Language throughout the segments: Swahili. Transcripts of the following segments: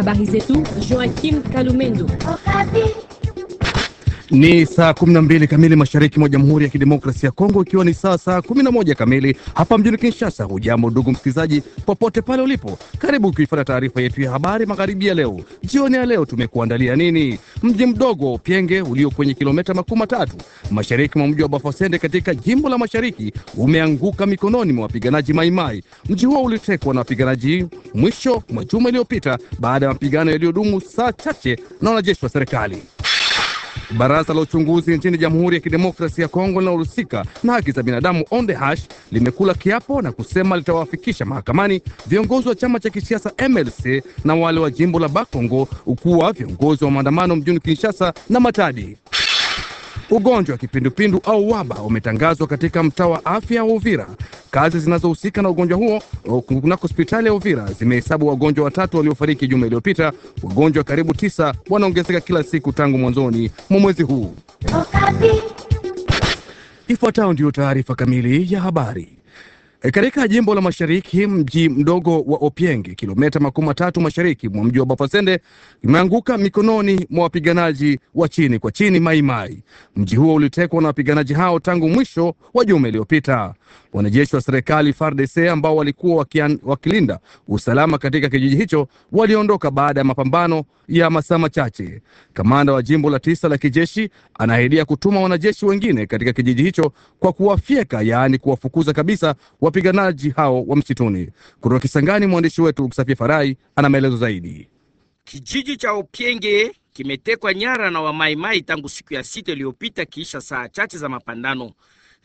Abarrizetu, Joaquim Calumendo. Oh, Ni saa kumi na mbili kamili mashariki mwa Jamhuri ya Kidemokrasia ya Kongo, ikiwa ni saa saa kumi na moja kamili hapa mjini Kinshasa. Hujambo ndugu msikilizaji, popote pale ulipo, karibu kuifata taarifa yetu ya habari magharibi ya leo. Jioni ya leo tumekuandalia nini? Mji mdogo wa Pyenge ulio kwenye kilometa makumi matatu mashariki mwa mji wa Bafasende katika jimbo la Mashariki umeanguka mikononi mwa wapiganaji Maimai. Mji huo ulitekwa na wapiganaji mwisho mwa juma iliyopita baada ya mapigano yaliyodumu saa chache na wanajeshi wa serikali. Baraza la uchunguzi nchini Jamhuri ya Kidemokrasia ya Kongo linalohusika na haki za binadamu Hash limekula kiapo na kusema litawafikisha mahakamani viongozi wa chama cha kisiasa MLC na wale wa jimbo la Bakongo, ukuwa viongozi wa maandamano mjini Kinshasa na Matadi. Ugonjwa wa kipindupindu au waba umetangazwa katika mtaa wa afya wa Uvira. Kazi zinazohusika na ugonjwa huo kunako hospitali ya Uvira zimehesabu wagonjwa watatu waliofariki juma iliyopita. Wagonjwa karibu tisa wanaongezeka kila siku tangu mwanzoni mwa mwezi huu. Ifuatayo ndiyo taarifa kamili ya habari. E, katika jimbo la mashariki, mji mdogo wa Opieng, kilomita makumi matatu mashariki mwa mji wa Bafasende, imeanguka mikononi mwa wapiganaji wa chini kwa chini Maimai Mji huo ulitekwa na wapiganaji hao tangu mwisho wa juma iliyopita. Wanajeshi wa serikali FARDC ambao walikuwa wakian, wakilinda usalama katika kijiji hicho waliondoka baada ya mapambano ya masaa machache. Kamanda wa jimbo la tisa la kijeshi anaahidia kutuma wanajeshi wengine katika kijiji hicho kwa kuwafyeka, yaani kuwafukuza kabisa wapiganaji hao wa msituni. Kutoka Kisangani, mwandishi wetu Msafia Farai ana maelezo zaidi. Kijiji cha upienge kimetekwa nyara na Wamaimai tangu siku ya sita iliyopita, kiisha saa chache za mapandano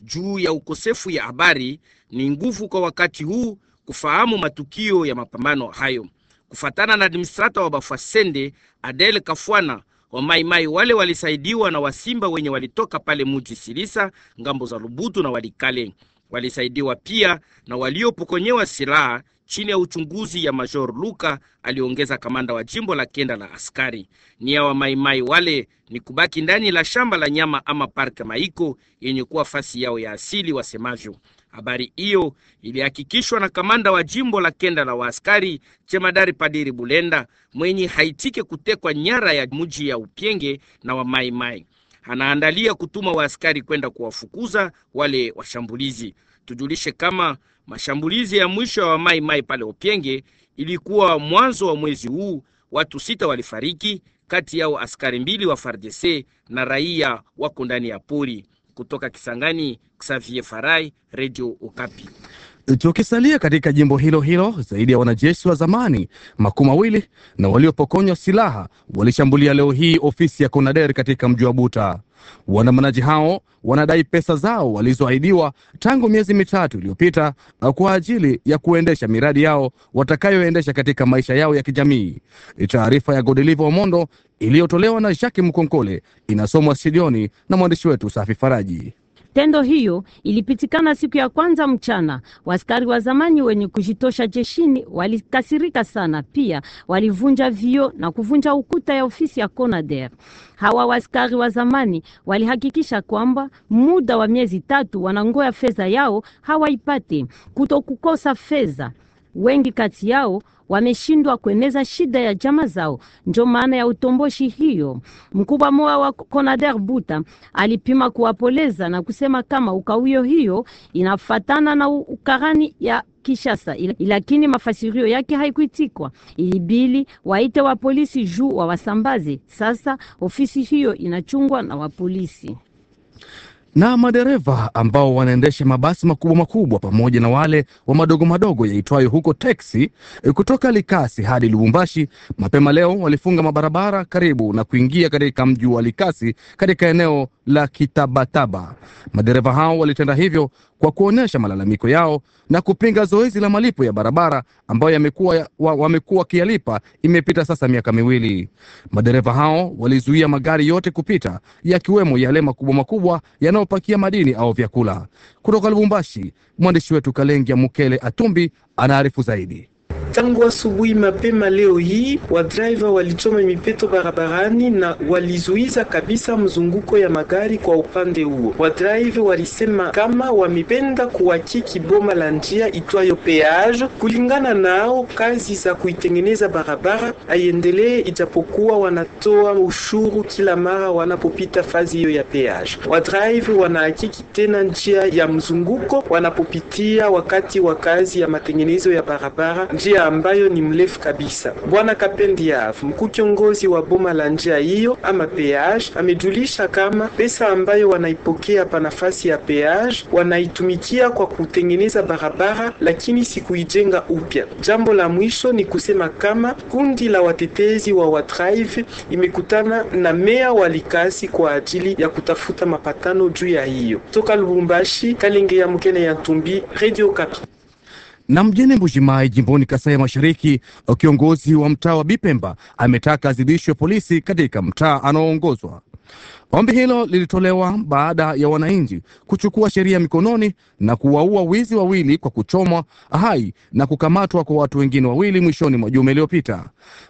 juu ya ukosefu ya habari ni nguvu kwa wakati huu kufahamu matukio ya mapambano hayo. Kufatana na administrata wa bafuasende Adel Kafwana wa wale walisaidiwa na Wasimba wenye walitoka pale muji Silisa, ngambo za Lubutu na Walikale. Walisaidiwa pia na waliopokonyewa silaha chini ya uchunguzi ya Major Luka, aliongeza kamanda wa jimbo la kenda la askari. ni ya wamaimai wale ni kubaki ndani la shamba la nyama ama park Maiko yenye kuwa fasi yao ya asili wasemavyo. Habari hiyo ilihakikishwa na kamanda wa jimbo la kenda la waaskari chemadari Padiri Bulenda mwenye haitike kutekwa nyara ya muji ya Upyenge na wamaimai anaandalia kutuma waaskari kwenda kuwafukuza wale washambulizi. Tujulishe kama Mashambulizi ya mwisho ya wa Mai Mai pale Opienge ilikuwa mwanzo wa mwezi huu. Watu sita walifariki, kati yao askari mbili wa FARDC na raia wako ndani ya pori. Kutoka Kisangani, Xavier Farai, Radio Okapi. Tukisalia katika jimbo hilo hilo, zaidi ya wanajeshi wa zamani makumi mawili na waliopokonywa silaha walishambulia leo hii ofisi ya Konader katika mji wa Buta. Waandamanaji hao wanadai pesa zao walizoahidiwa tangu miezi mitatu iliyopita kwa ajili ya kuendesha miradi yao watakayoendesha katika maisha yao ya kijamii. Taarifa ya Godilivo Omondo iliyotolewa na Jacques Mkonkole inasomwa studioni na mwandishi wetu Safi Faraji. Tendo hiyo ilipitikana siku ya kwanza mchana. Waskari wa zamani wenye kujitosha jeshini walikasirika sana, pia walivunja vio na kuvunja ukuta ya ofisi ya Conader. Hawa waskari wa zamani walihakikisha kwamba muda wa miezi tatu wanangoya fedha yao hawaipate, kuto kukosa fedha Wengi kati yao wameshindwa kueneza shida ya jama zao, ndio maana ya utomboshi hiyo. Mkubwa moa wa Konader Buta alipima kuwapoleza na kusema kama ukawio hiyo inafatana na ukarani ya Kishasa, lakini mafasirio yake haikuitikwa. Ilibili waite wa polisi juu wa wasambazi. Sasa ofisi hiyo inachungwa na wapolisi na madereva ambao wanaendesha mabasi makubwa makubwa pamoja na wale wa madogo madogo yaitwayo huko teksi eh, kutoka Likasi hadi Lubumbashi mapema leo walifunga mabarabara karibu na kuingia katika mji wa Likasi katika eneo la kitabataba. Madereva hao walitenda hivyo kwa kuonyesha malalamiko yao na kupinga zoezi la malipo ya barabara ambayo yamekuwa wamekuwa wakiyalipa imepita sasa miaka miwili. Madereva hao walizuia magari yote kupita yakiwemo yale makubwa makubwa yanayopakia madini au vyakula. Kutoka Lubumbashi, mwandishi wetu Kalengia Mukele Atumbi anaarifu zaidi. Tangu asubuhi mapema leo hii wadriver walichoma mipeto barabarani na walizuiza kabisa mzunguko ya magari kwa upande huo. Wadriver walisema kama wamependa kuhakiki boma la njia itwayo peage. Kulingana nao, kazi za kuitengeneza barabara aiendelee, ijapokuwa wanatoa ushuru kila mara wanapopita fazi hiyo ya peage. Wadriver wanahakiki tena njia ya mzunguko wanapopitia wakati wa kazi ya matengenezo ya barabara njia ambayo ni mrefu kabisa. Bwana Kapendi Yavu, mkuu kiongozi wa boma la njia hiyo ama peage, amejulisha kama pesa ambayo wanaipokea pa nafasi ya peage wanaitumikia kwa kutengeneza barabara, lakini si kuijenga upya. Jambo la mwisho ni kusema kama kundi la watetezi wa Watrive imekutana na mea wa Likasi kwa ajili ya kutafuta mapatano juu ya hiyo. Toka Lubumbashi, Kalenge ya mkene ya tumbi Radio Kapi. Na mjini mbujimai jimboni Kasai Mashariki, kiongozi wa mtaa wa Bipemba ametaka azidishwe polisi katika mtaa anaoongozwa. Ombi hilo lilitolewa baada ya wananchi kuchukua sheria mikononi na kuwaua wizi wawili kwa kuchomwa hai na kukamatwa kwa watu wengine wawili mwishoni mwa juma iliyopita.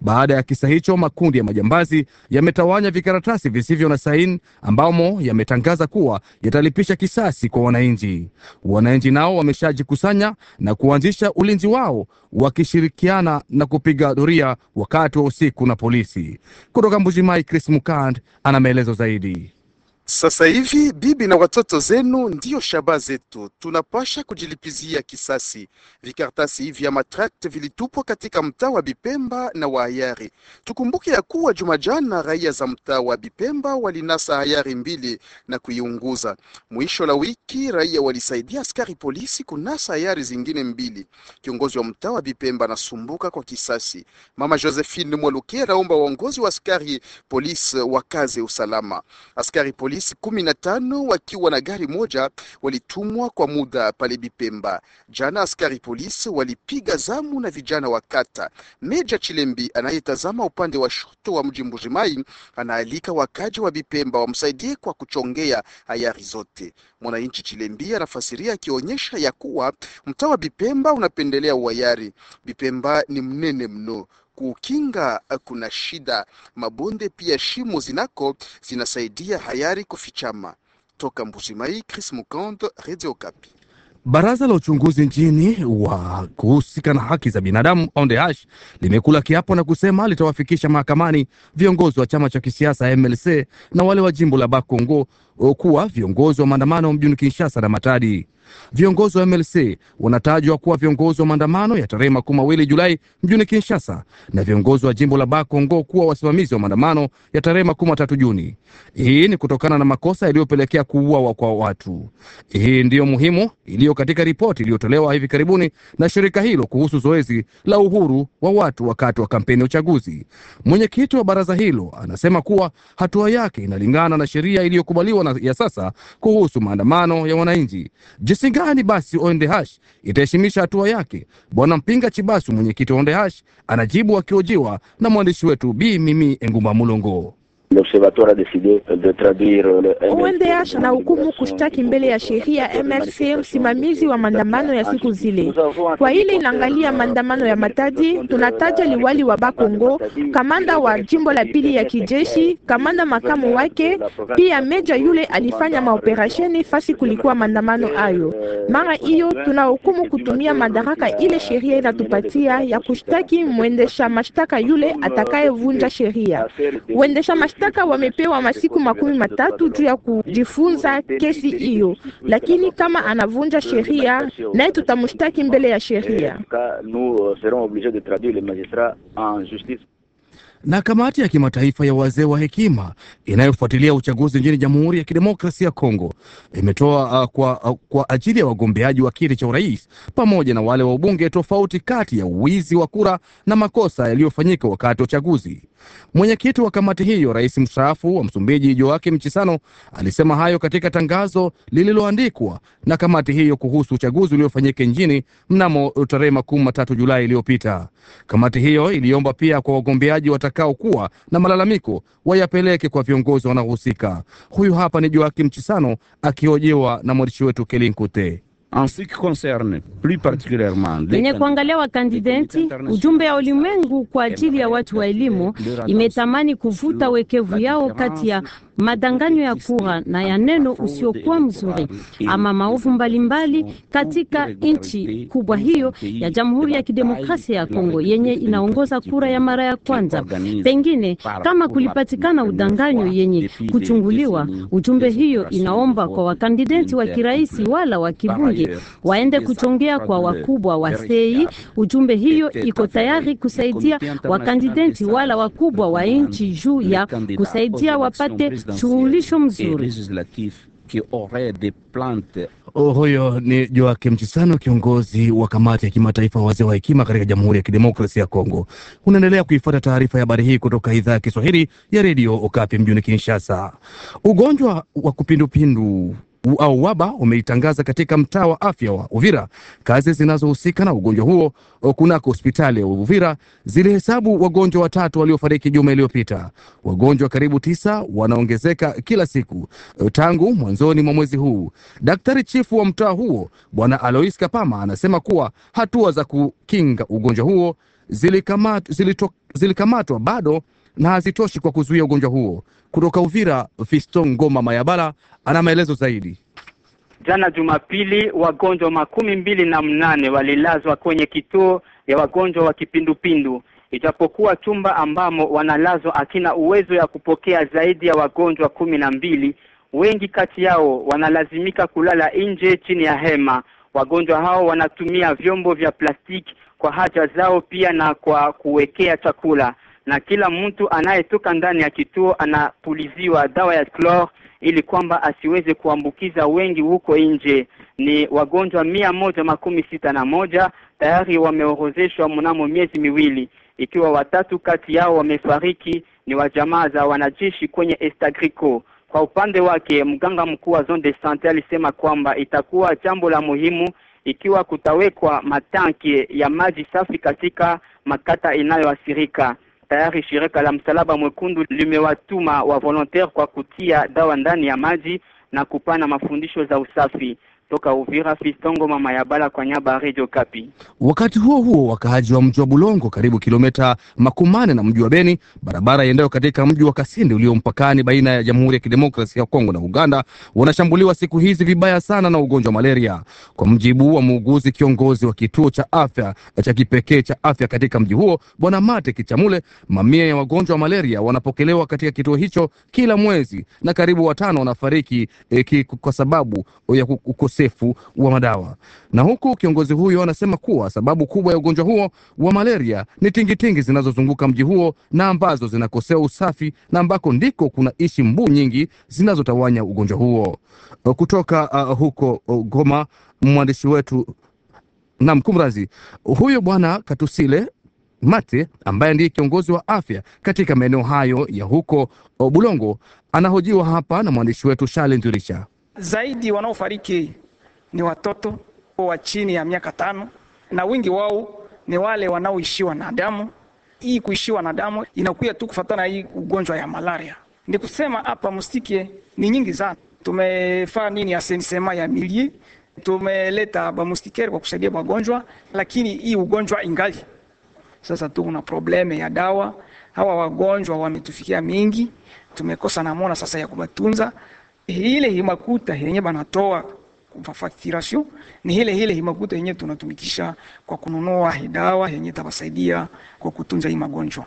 Baada ya kisa hicho, makundi ya majambazi yametawanya vikaratasi visivyo na saini ambamo yametangaza kuwa yatalipisha kisasi kwa wananchi. Wananchi nao wameshajikusanya na kuanzisha ulinzi wao wakishirikiana na kupiga doria wakati wa usiku na polisi. Kutoka Mbuji Mai, Chris Mukand ana maelezo zaidi. JD. Sasa hivi bibi na watoto zenu ndiyo shaba zetu, tunapasha kujilipizia kisasi. Vikartasi hivi ya matrakt vilitupwa katika mtaa wa Bipemba na wa Hayari. Tukumbuke ya kuwa jumajana raia za mtaa wa Bipemba walinasa Hayari mbili na kuiunguza. Mwisho la wiki raia walisaidia askari polisi kunasa Hayari zingine mbili. Kiongozi wa mtaa wa Bipemba anasumbuka kwa kisasi. Mama Josephine Mwaluke raomba waongozi wa askari polisi wakaze usalama. Askari polisi polisi kumi na tano wakiwa na gari moja walitumwa kwa muda pale Bipemba. Jana askari polisi walipiga zamu na vijana wa kata. Meja Chilembi anayetazama upande wa shoto wa mji Mbujimai anaalika wakaji wa Bipemba wamsaidie kwa kuchongea hayari zote. Mwananchi Chilembi anafasiria akionyesha ya kuwa mtaa wa Bipemba unapendelea uwayari. Bipemba ni mnene mno kukinga eh, kuna shida. Mabonde pia shimo zinako zinasaidia hayari kufichama. Toka mbuzimai Chris mukonde Radio Kapi. Baraza la uchunguzi nchini wa kuhusika na haki za binadamu ondeh limekula kiapo na kusema litawafikisha mahakamani viongozi wa chama cha kisiasa MLC na wale wa jimbo la Bakongo eh, kuwa viongozi wa maandamano mjini Kinshasa na Matadi. Viongozi wa MLC wanatajwa kuwa viongozi wa maandamano ya tarehe makumi mawili Julai mjini Kinshasa na viongozi wa jimbo la Bakongo kuwa wasimamizi wa maandamano ya tarehe makumi matatu Juni. Hii ni kutokana na makosa yaliyopelekea kuuawa kwa watu. Hii ndiyo muhimu iliyo katika ripoti iliyotolewa hivi karibuni na shirika hilo kuhusu zoezi la uhuru wa watu wakati wa kampeni ya uchaguzi. Mwenyekiti wa baraza hilo anasema kuwa hatua yake inalingana na sheria iliyokubaliwa ya sasa kuhusu maandamano ya wananchi gani basi ONDH itaheshimisha hatua yake. Bwana Mpinga Chibasu, mwenyekiti wa ONDH, anajibu akiojiwa na mwandishi wetu Bi Mimi Engumba Mulongo. ONDH na hukumu kushtaki mbele ya sheria MRC, msimamizi wa maandamano ya siku zile. Kwa ile inaangalia maandamano ya Matadi, tunataja liwali wa Bakongo, kamanda wa jimbo la pili ya kijeshi, kamanda makamu wake, pia meja yule alifanya maoperasheni fasi kulikuwa maandamano hayo. Mara hiyo tunahukumu kutumia madaraka ile sheria inatupatia ya kushtaki mwendesha mashtaka yule atakayevunja sheria. Mwendesha mashtaka mashtaka wamepewa masiku makumi matatu juu ya kujifunza kesi hiyo, lakini kama anavunja sheria, naye tutamshtaki mbele ya sheria. Euh, na kamati ya kimataifa ya wazee wa hekima inayofuatilia uchaguzi nchini Jamhuri ya Kidemokrasia ya Kongo imetoa uh, kwa, uh, kwa ajili ya wagombeaji wa kiti cha urais pamoja na wale wa ubunge tofauti kati ya uwizi wa kura na makosa yaliyofanyika wakati wa uchaguzi. Mwenyekiti wa kamati hiyo, rais mstaafu wa Msumbiji Joaquim Chissano, alisema hayo katika tangazo lililoandikwa na kamati hiyo kuhusu uchaguzi uliofanyika nchini mnamo tarehe makumi matatu Julai iliyopita. Kamati hiyo iliomba pia kwa wagombeaji watakaokuwa na malalamiko wayapeleke kwa viongozi wanaohusika. Huyu hapa ni Joaquim Chissano akihojiwa na mwandishi wetu Kelinkute en ce qui concerne plus particulièrement lenye kuangalia wakandidenti. Ujumbe ya ulimwengu kwa ajili ya watu wa elimu imetamani kuvuta wekevu yao kati ya madanganyo ya kura na ya neno usiokuwa mzuri ama maovu mbalimbali katika nchi kubwa hiyo ya Jamhuri ya Kidemokrasia ya Kongo yenye inaongoza kura ya mara ya kwanza. Pengine kama kulipatikana udanganyo yenye kuchunguliwa, ujumbe hiyo inaomba kwa wakandideti wa kiraisi wala wa kibunge waende kuchongea kwa wakubwa wa sei. Ujumbe hiyo iko tayari kusaidia wakandideti wala wakubwa wa nchi juu ya kusaidia wapate suluhisho mzuri. Oh, huyo ni Joakim Chisano, kiongozi wa kamati ya kimataifa wazee wa hekima katika Jamhuri ya Kidemokrasia ya Kongo. Unaendelea kuifuata taarifa ya habari hii kutoka idhaa ya Kiswahili ya redio Okapi mjini Kinshasa. Ugonjwa wa kupindupindu au waba umeitangaza katika mtaa wa afya wa Uvira kazi zinazohusika na ugonjwa huo kunako hospitali ya Uvira zilihesabu wagonjwa watatu waliofariki juma iliyopita. Wagonjwa karibu tisa wanaongezeka kila siku tangu mwanzoni mwa mwezi huu. Daktari chifu wa mtaa huo Bwana Alois Kapama anasema kuwa hatua za kukinga ugonjwa huo zilikamatwa zilikamatwa bado na hazitoshi kwa kuzuia ugonjwa huo. Kutoka Uvira, Fiston Ngoma Mayabala ana maelezo zaidi. Jana Jumapili, wagonjwa makumi mbili na mnane walilazwa kwenye kituo ya wagonjwa wa kipindupindu, ijapokuwa chumba ambamo wanalazwa akina uwezo ya kupokea zaidi ya wagonjwa kumi na mbili. Wengi kati yao wanalazimika kulala nje chini ya hema. Wagonjwa hao wanatumia vyombo vya plastiki kwa haja zao, pia na kwa kuwekea chakula na kila mtu anayetoka ndani ya kituo anapuliziwa dawa ya chlor ili kwamba asiweze kuambukiza wengi huko nje. Ni wagonjwa mia moja makumi sita na moja tayari wameorozeshwa mnamo miezi miwili, ikiwa watatu kati yao wamefariki ni wa jamaa za wanajeshi kwenye Estagrico. Kwa upande wake, mganga mkuu wa zone de sante alisema kwamba itakuwa jambo la muhimu ikiwa kutawekwa matanki ya maji safi katika makata inayoathirika tayari shirika la Msalaba Mwekundu limewatuma wa volontaire kwa kutia dawa ndani ya maji na kupana mafundisho za usafi toka Uvira Fistongo mama ya bala kwa nyaba Radio Kapi. Wakati huo huo, wakaaji wa mji wa Bulongo karibu kilomita makumane na mji wa Beni, barabara iendayo katika mji wa Kasindi ulio mpakani baina ya Jamhuri ya Kidemokrasia ya Kongo na Uganda wanashambuliwa siku hizi vibaya sana na ugonjwa wa malaria. Kwa mjibu wa muuguzi kiongozi wa kituo cha afya cha kipekee cha afya katika mji huo, Bwana Mate Kichamule, mamia ya wagonjwa wa malaria wanapokelewa katika kituo hicho kila mwezi na karibu watano wanafariki eh, kwa sababu ya kukosa ukosefu wa madawa. Na huku kiongozi huyo anasema kuwa sababu kubwa ya ugonjwa huo wa malaria ni tingitingi zinazozunguka mji huo na ambazo zinakosea usafi na ambako ndiko kuna ishi mbu nyingi zinazotawanya ugonjwa huo. Kutoka uh, huko uh, Goma, mwandishi wetu na mkumrazi huyo bwana Katusile Mate ambaye ndiye kiongozi wa afya katika maeneo hayo ya huko uh, Bulongo anahojiwa hapa na mwandishi wetu Shale Ndurisha. Zaidi wanaofariki ni watoto wa chini ya miaka tano, na wingi wao ni wale wanaoishiwa na damu. Hii kuishiwa na damu inakuya tu kufatana hii ugonjwa ya malaria. Ni kusema hapa mustike ni nyingi sana. Tumefaa nini asenisema ya milie, tumeleta bamustikeri kwa kusaidia wagonjwa, lakini hii ugonjwa ingali sasa tu kuna probleme ya dawa. Hawa wagonjwa wametufikia mingi, tumekosa namona sasa ya kubatunza. Ile himakuta yenye banatoa facturation ni hile hile himakuta yenye tunatumikisha kwa kununua hidawa yenye tabasaidia kwa kutunza hii magonjwa.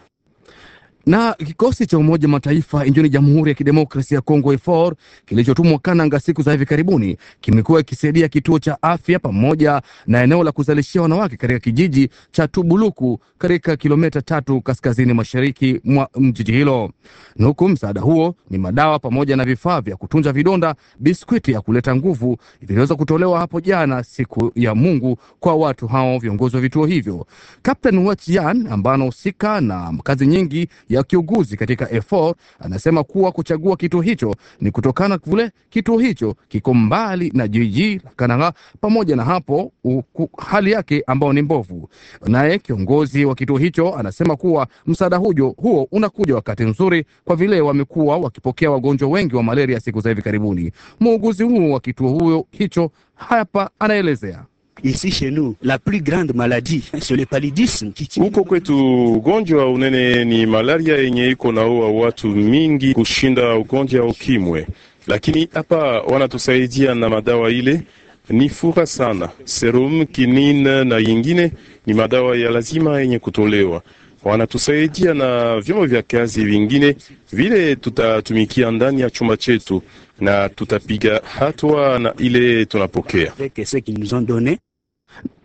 Na kikosi cha Umoja Mataifa nchini Jamhuri ya Kidemokrasia ya Kongo EFOR kilichotumwa Kananga siku za hivi karibuni kimekuwa kisaidia kituo cha afya pamoja na eneo la kuzalishia wanawake katika kijiji cha Tubuluku katika kilomita tatu kaskazini mashariki mwa mjiji hilo, Nuku msaada huo ni madawa pamoja na vifaa vya kutunza vidonda, biskwiti ya kuleta nguvu viliweza kutolewa hapo jana siku ya Mungu kwa watu hao, viongozi wa vituo hivyo. Kapteni Wach ambaye anahusika na kazi nyingi ya kiuguzi katika F4 anasema kuwa kuchagua kituo hicho ni kutokana vile kituo hicho kiko mbali na jiji la Kananga, pamoja na hapo uku, hali yake ambayo ni mbovu. Naye kiongozi wa kituo hicho anasema kuwa msaada hujo huo unakuja wakati nzuri, kwa vile wamekuwa wakipokea wagonjwa wengi wa malaria siku za hivi karibuni. Muuguzi huo wa kituo huyo hicho hapa anaelezea ici chez nous la plus grande maladie c'est le paludisme. Huko kwetu ugonjwa unene ni malaria yenye iko naua watu mingi kushinda ugonjwa ukimwe, lakini hapa wanatusaidia na madawa ile ni fura sana, serum kinin na yingine ni madawa ya lazima yenye kutolewa. Wanatusaidia na vyombo vya kazi vingine vile tutatumikia ndani ya chumba chetu, na tutapiga hatua na ile tunapokea.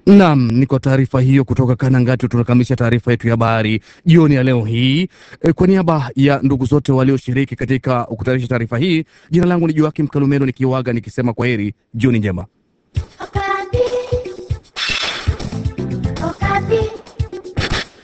Naam, ni kwa taarifa hiyo kutoka Kanangati tunakamilisha taarifa yetu ya habari jioni ya leo hii. E, kwa niaba ya ndugu zote walioshiriki katika kutayarisha taarifa hii, jina langu ni Joakim Kalumeno nikiwaga nikisema kwa heri, jioni njema. Wakati.